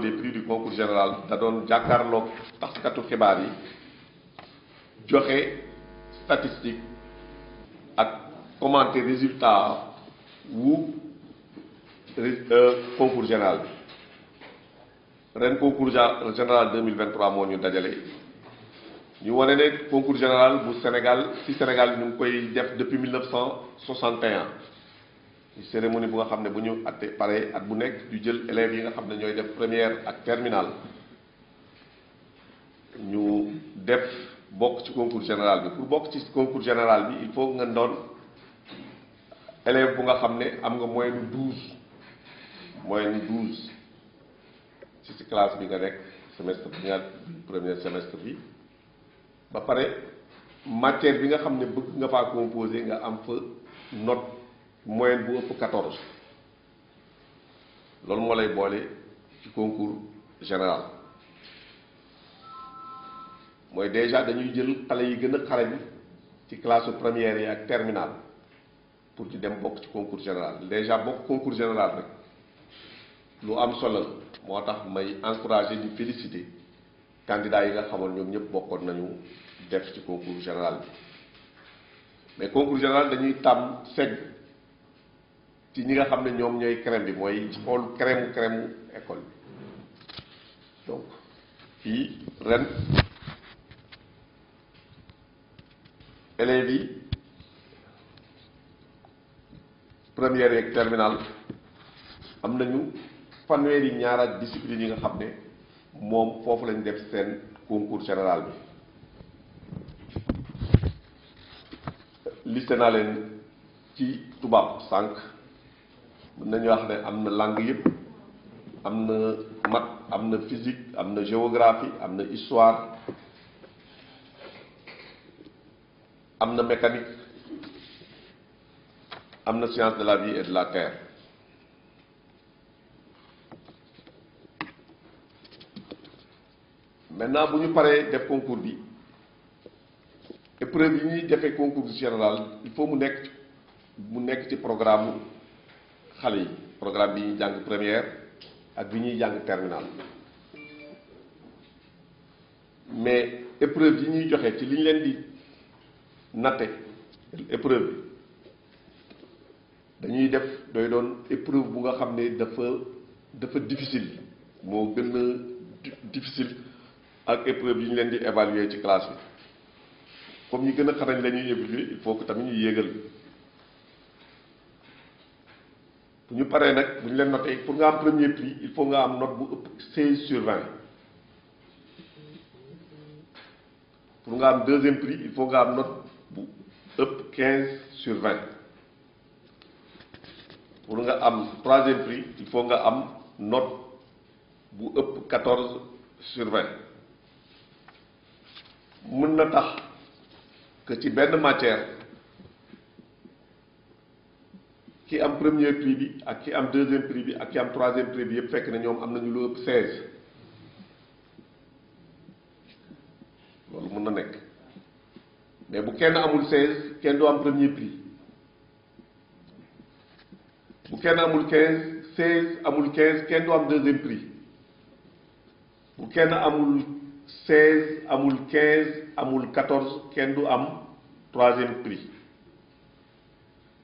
des prix du concours général da doon jàkkaarloog taskatu xibaar statistiques, joxe statistique commenter résultats ou euh, concours général le concours général 2023 Nous ñu nous ñu concours général bu Sénégal le Sénégal ñu depuis 1961 cérémonie bu nga xam ne bu ñu atte pare at bu nekk ñu jël élèves yi nga xam ne ñooy def première ak terminale ñu def bokk ci concours général bi pour bokk ci concours général bi il faut nga doon élève bu nga xam ne am nga moyenne douze moyenne douze ci si classe bi nga nekk semestre bi nga premier semestre bi ba pare matière bi nga xam ne bëgg nga faa composé nga am fa note moyenne bu ëpp 14 loolu moo lay boole ci concours général mooy déjà dañuy jël xale yi gën a bi ci classe première yi ak terminale pour ci dem bokk ci concours général déjà bokk concours général rek lu am solo moo tax may encourager di féliciter candidats yi nga xamoon ñoom ñëpp bokkoon nañu def ci concours général bi mais concours général dañuy tàmm segg. ci ñi nga xam ne ñoom ñooy crème bi mooy xool crème crème école bi donc fii ren élèves yi première yeeg terminale am nañu fanweeri ñaaraat discipline yi nga xam ne moom foofu lañ def seen concours général bi liste naa leen ci tubaab sànq mën nañu wax ne am na langue yépp am na mat am na physique am na géographie am na histoire am na mécanique am na science de la vie et de la terre maintenant bu ñu paree def concours bi épreuve yi ñuy defee concours général il faut mu nekk mu nekk ci programme xale yi programme bi ñuy jàng première ak bi ñuy jàng terminale mais épreuve yi ñuy joxe ci li ñu leen di natte épreuve bi dañuy def doy doon épreuve bu nga xam ne dafa dafa difficile moo gën a difficile ak épreuve yi ñu leen di évaluer ci classe bi comme ñu gën a xarañ la ñuy évaluer il faut que tamit ñu yéegal ñu paré nak buñ leen noté pour nga am premier prix il faut nga am note bu 16 sur 20 pour nga am deuxième prix il faut nga am note bu 15 sur 20 pour nga am troisième prix il faut nga am note bu 14 sur 20 mën na tax que ci benn matière qui a un premier prix, qui a un deuxième prix, qui a le troisième prix, qui nous avons le 16. C'est ce qui Mais si quelqu'un a 16, qui a un premier prix. Si quelqu'un a 15, 16 a le 15, qui doit le deuxième prix. Si quelqu'un a 16, a le 15, a le 14, qui doit le troisième prix.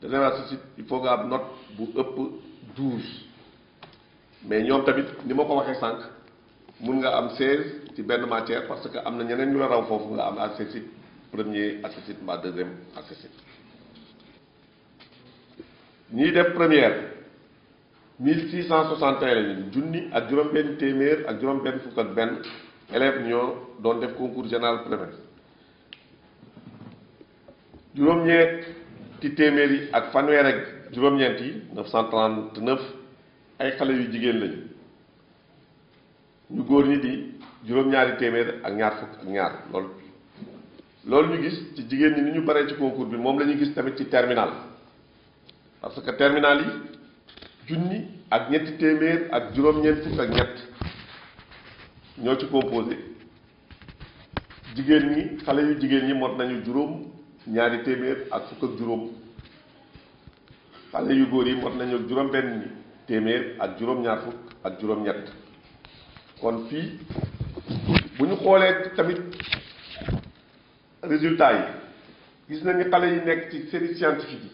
deuxième attitude il faut nga am note bu ëpp douze mais ñoom tamit ni ma ko waxee sànq mun nga am seize ci benn matière parce que am na ñeneen ñu la raw foofu nga am accessit premier accessit mbaa deuxième accessit ñiy def première mille six cent soixante junni ak juróom-benn téeméer ak juróom-benn fukk ak benn élèves ñoo doon def concours général primaire juróom-ñeent ci téeméer yi ak fanweer ak juróom-ñeent yi 939 ay xale yu jigéen lañu ñu góor ñi di juróom-ñaari téeméer ak ñaar fukk ak ñaar loolu loolu ñu gis ci jigéen ñi ni ñu baree ci concours bi moom la ñuy gis tamit ci terminal parce que terminal yi junni ak ñetti téeméer ak juróom-ñeent fukk ak ñett ñoo ci composé jigéen ñi xale yu jigéen ñi mot nañu juróom ñaari téeméer ak fukk ak juróom xale yu góor yi mot nañu juróom benn téeméer ak juróom ñaar fukk ak juróom ñett kon fii bu ñu xoolee tamit résultat yi gis nañu xale yi nekk ci série scientifique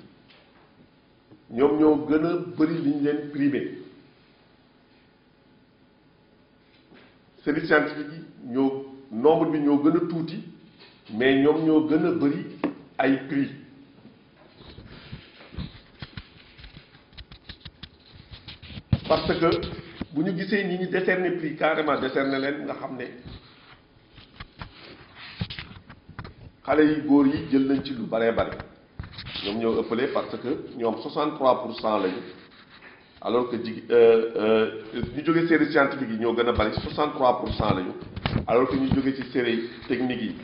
yi ñoom ñoo gën a bëri li ñu leen primé série scientifique yi ñoo nombre bi ñoo gën a tuuti mais ñoom ñoo gën a bëri I agree. parce que bu ñu gisee ni ñu décerner prix carrément décerner leen nga xam ne xale yi góor yi jël nañ ci lu baree bare ñoom ñoo ëppale parce que ñoom 63 pour cent lañu alors que jig euh, euh, ñu jógee série scientifique yi ñoo gën a bari 63 pour cent lañu alors que ñu jógee ci série technique yi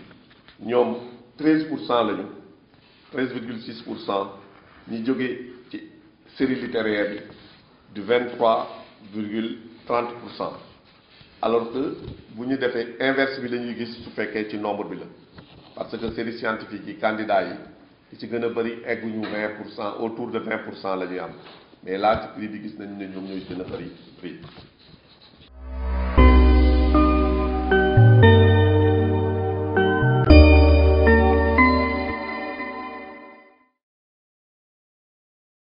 ñoom 13 pour cent lañu. treize virgule six pour cent ñi jógee ci série littéraire bi du vingt trois virgule trente pour cent alors que bu ñu defee inverse bi la ñuy gis su fekkee ci nombre bi la parce que série scientifique yi candidats yi ci gën a bëri egguñu vingt pour cent autour de vingt pour cent la ñuy am mais là ci prix bi gis nañu ne ñoom ñooy gën a bëri prix